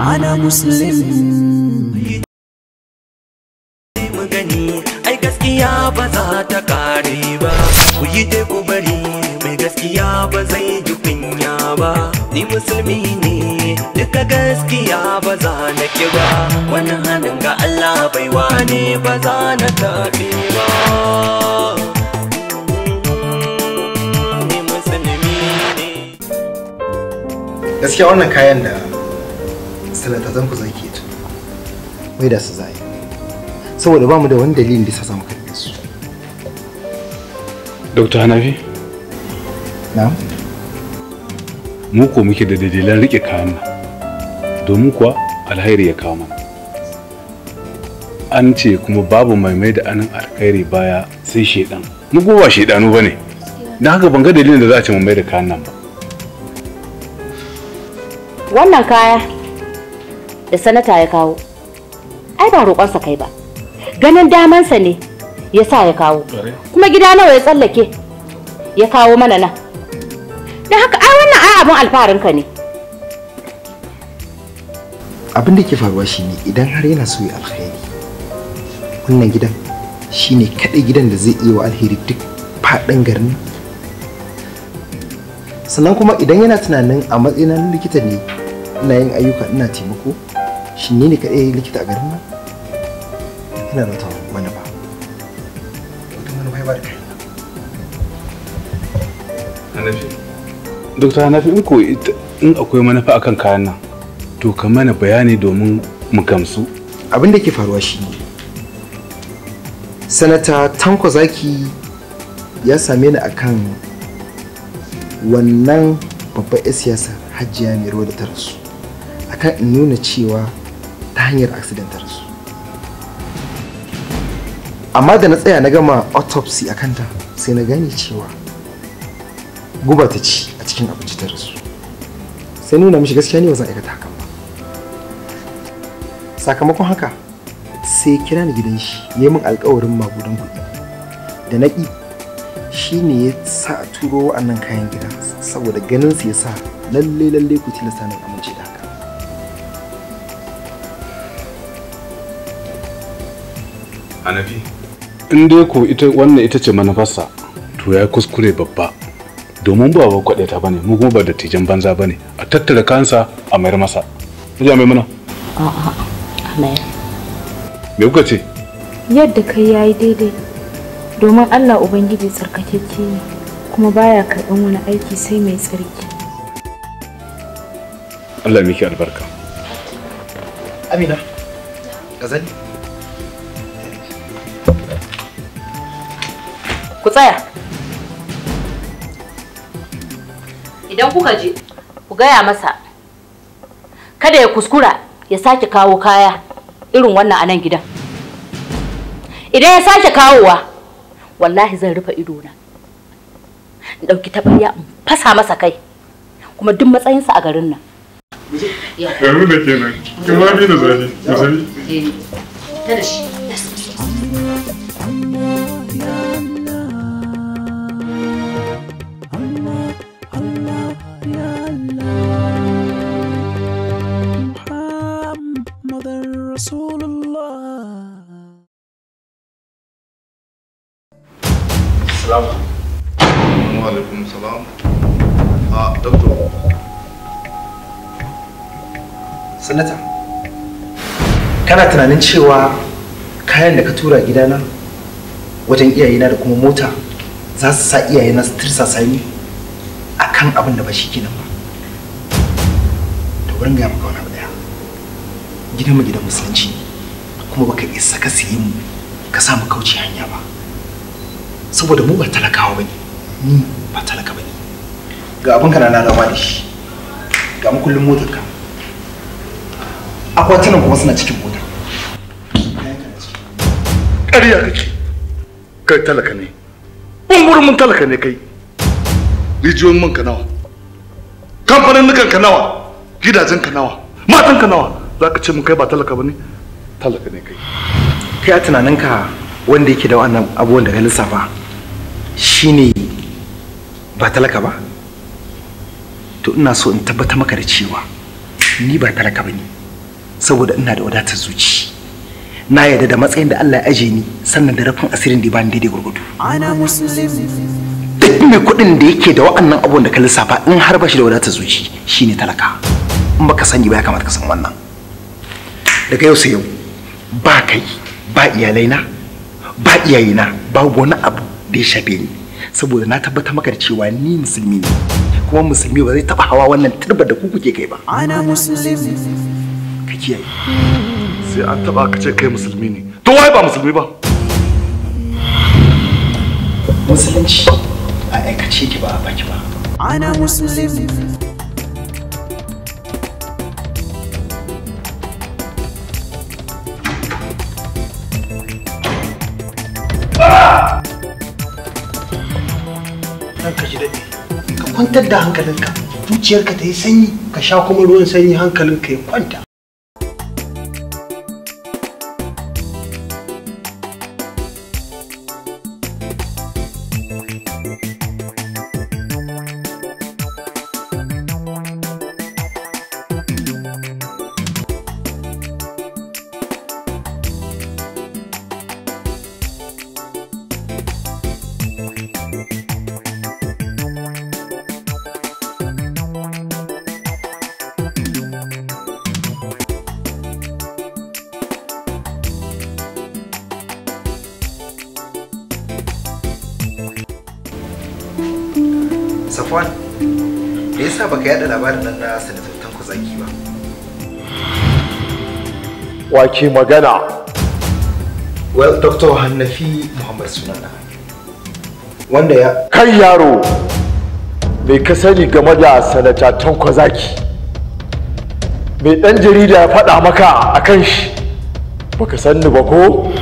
ana muslim gani ai gaskiya ba za ta kare ba ku yi dai ku bari mai gaskiya ba zai ji kunya ba ni musulmi ne duka gaskiya ba za na ki ba wani hannun ga Allah baiwa ne ba za na tafi ba gaskiya wannan kayan da zan ku zaki ta mai da su zai saboda ba mu da wani dalilin da sa mu karbe su Dr. Hanafi? Na'am. Mu ko muke da dalilan rike kayan nan. Domin kuwa alheri ya kawo mana. An ce kuma babu mai mai da anan alkhairi baya sai shedan. Mu ko ba shedanu bane. Dan haka ban ga dalilin da za a ce mu mai da kayan nan ba. Wannan kaya da sanata ya kawo ai ba roƙonsa kai ba ganin damansa ne ya sa ya kawo kuma gida nawa ya tsallake ya kawo mana nan don haka ai wannan ai alfaharin ka ne abin da ke faruwa shine idan har yana so ya alkhairi wannan gidan shine kaɗai gidan da zai iya wa alheri duk faɗin garin sannan kuma idan yana tunanin a matsayin likita ne ina yin ayyuka ina taimako shi ne kaɗai likita a garin nan ina da wata wani ba wata wani bai ba da kai hanafi dokta hanafi in ko in akwai manufa akan kayan nan to ka mana bayani domin mu gamsu abin da ke faruwa shi ne sanata tanko zaki ya same ni akan wannan babban 'yan siyasa hajjiya mai ruwa da ta rasu akan in nuna cewa ta hanyar accident ta amma da na tsaya na gama autopsy a kanta sai na gane cewa guba ta ci a cikin abinci ta rasu sai nuna mishi gaskiya ne ba aikata hakan ba sakamakon haka sai kira ni gidan shi neman alkawarin magudan kuɗi da na ƙi shi ne ya sa a turo wa'annan kayan gida saboda ganin su ya sa lalle lalle ku tilasta nan amince da Anafi. In dai ko ita wannan ita ce manufarsa to ya kuskure babba. Domin ba ba kwaɗe ta bane mu kuma ba da tijan banza bane a tattara kansa a mayar masa. Ija mai muna? A'a, a mayar. Me kuka ce? Yadda kai yayi daidai. Domin Allah Ubangiji tsarkakeke ne kuma baya karɓan wani aiki sai mai tsarki. Allah miki albarka. Amina, gazali. tsaya idan kuka je ku gaya masa kada ya kuskura ya sake kawo kaya irin wannan a nan gidan idan ya sake kawowa wallahi zan rufe idona in ɗauki taɓarya in fasa masa kai kuma duk matsayinsa a garin nan da kin da zani da zani eh, shi kana tunanin cewa kayan da ka tura gidana wajen iyayena da kuma mota za su sa iyayena su tirsa sani a kan abin da ba shi kenan ba to wurin gaya maka wani daya gidan mu gidan musulunci kuma baka isa ka siye mu ka sa mu kauce hanya ba saboda mu ba talakawa bane ni ba talaka bane ga abin ka na na da shi ga mu kullum motar ka akwatunan kuma suna cikin ƙarya kake kai talaka ne bungurin mun talaka ne kai rijiyoyin man ka nawa kamfanin nukan ka nawa gidajen ka nawa matan ka nawa za ka ce mun kai ba talaka ba ne talaka ne kai kai a tunaninka wanda yake da wannan abubuwan da ka lissafa shine ba talaka ba to ina so in tabbata maka da cewa ni ba talaka ba ne saboda ina da wadatar zuci na yarda da matsayin da Allah ya aje ni sannan da rafin asirin da ba ni daidai gurgudu duk mai kuɗin da yake da wa'annan abubuwan da ka lissafa in har ba shi da wadatar zuci shine talaka in baka sani ba ya kamata ka san wannan daga yau sai yau ba kai ba iyalai na ba na ba wani abu da ya shafe ni saboda na tabbatar maka da cewa ni musulmi ne kuma musulmi ba zai taba hawa wannan turba da ku kuke kai ba ana musulmi ka kiyaye sai an taba ka ce kai musulmi ne to wai ba musulmi ba musulunci a aikace ki ba a baki ba ana musulmi ranka ji daɗe ka kwantar da hankalinka zuciyarka ta yi sanyi ka sha kuma ruwan sanyi hankalinka ya kwanta Safwan, me yasa baka yada labarin nan na sanatattun ku zaki ba? Wake magana. Well, Dr. Hannafi Muhammad Sunana. Wanda ya... Kai yaro! Me ka sani game da sanatattun Tanko Zaki? Me ɗan jarida ya faɗa maka a kan shi? Baka sani ba ko?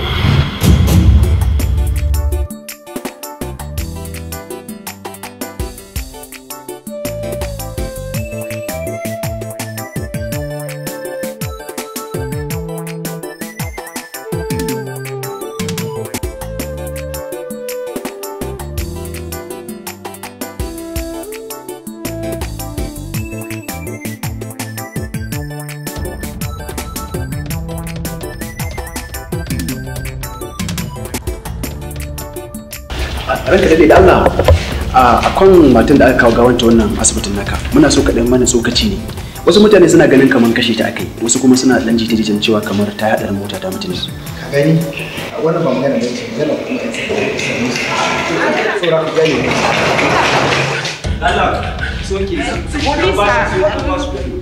ranka daɗe da Allah a kan matan da aka kawo gawanta wannan asibitin naka muna so kaɗan mana tsokaci ne wasu mutane suna ganin kamar kashe ta akai wasu kuma suna ɗan jita jitan cewa kamar ta haɗar mota ta mutu ne. ka gani a wannan ba magana ne yana kuma yanzu saura ku gane Allah soke ba su ba su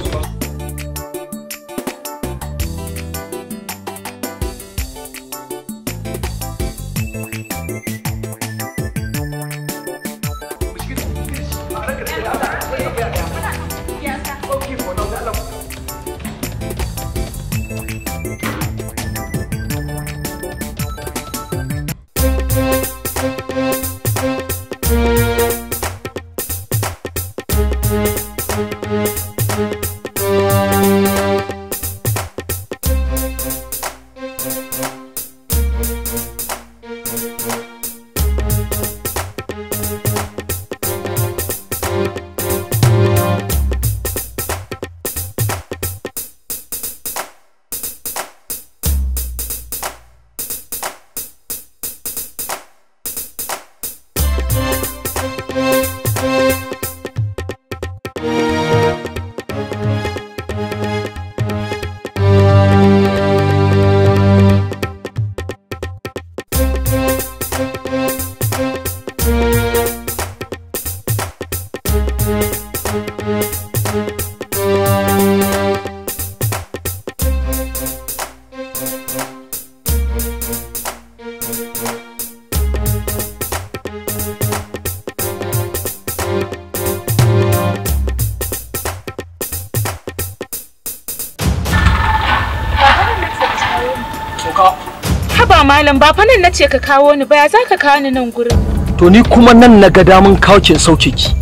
malam ba nan na ce ka kawo ni ba ya za ka kawo ni nan gurin. To ni kuma nan na ga damun kawo ki sauke ki.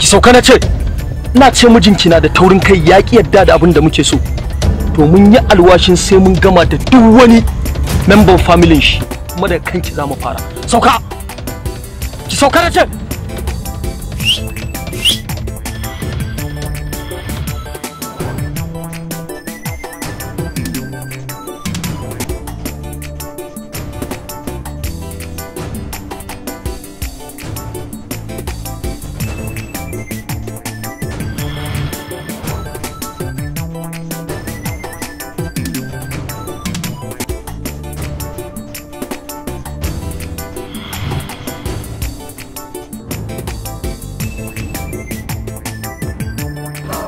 Ki sauka na ce. na ce mijinki na da taurin kai ya yadda da abin da muke so to mun yi alwashin sai mun gama da duk wani memban familin shi kuma da kanki za mu fara sauka ki sauka da ce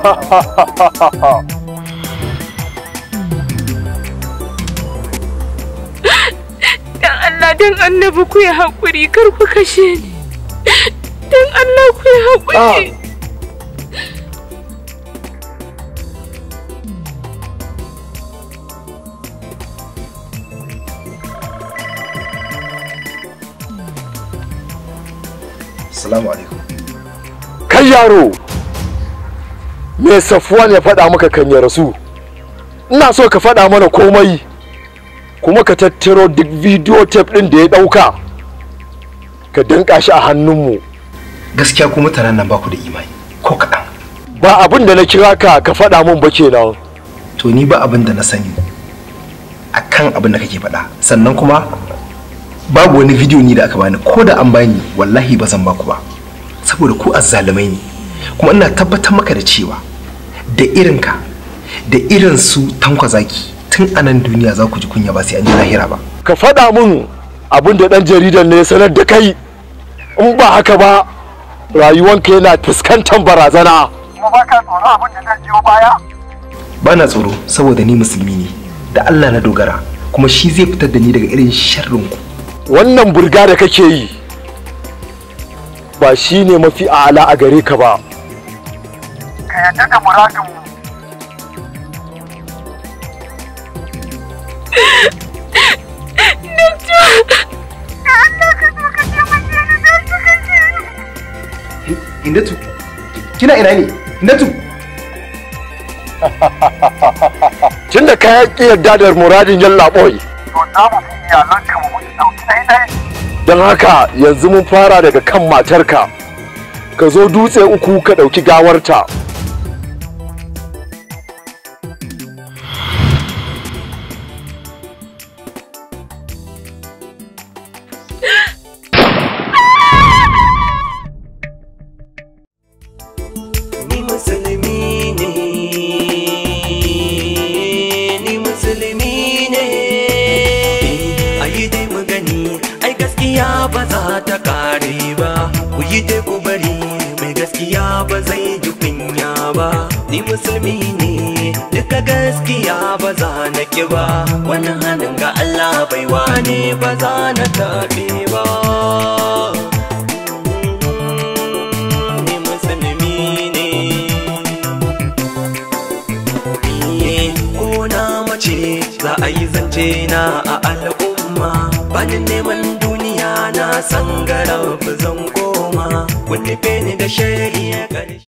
Dan Allah dan annabi ku yi haƙuri kar ku kashe ni. Dan Allah ku yi haƙuri. Ah. Assalamu alaikum. Kai yaro! me safuwan ya faɗa maka kan ya rasu ina so ka faɗa mana komai kuma ka tattaro duk video tape ɗin da ya ɗauka ka danka shi a hannunmu gaskiya ku mutanen nan baku da imani ko kaɗan ba abin da na kira ka ka faɗa min ba kenan to ni ba abin da na sani kan abin da kake faɗa sannan kuma babu wani video ni da aka bani ko da an bani wallahi ba zan ba ku ba saboda ku azzalumai ne kuma ina tabbatar maka da cewa da irinka da irin su Tanko zaki tun anan duniya za ku ji kunya ba sai an ji lahira ba ka faɗa mun abin da ɗan jaridan ne sanar da kai in ba haka ba rayuwanka yana fuskantar barazana kuma ba tsoro abin da zai baya ba na tsoro saboda ni musulmi ne da Allah na dogara kuma shi zai fitar da ni daga irin sharrin ku wannan burga da kake yi ba shi ne mafi ala a gare ka ba ka yarda da muradin mu Indatu, kina ina ne? Indatu! Tun da ka yaƙi yarda da muradin yalla ɓoyi. To za mu fi iyalanka mu mutu ɗauki ɗai Don haka yanzu mun fara daga kan matarka. Ka zo dutse uku ka ɗauki gawarta. ki ba wani hannun ga Allah bai wani ba za na taɓi ba ni musulmi ne ko na mace za a yi zance na a al'umma bani neman duniya na san zan koma kun ni da shari'a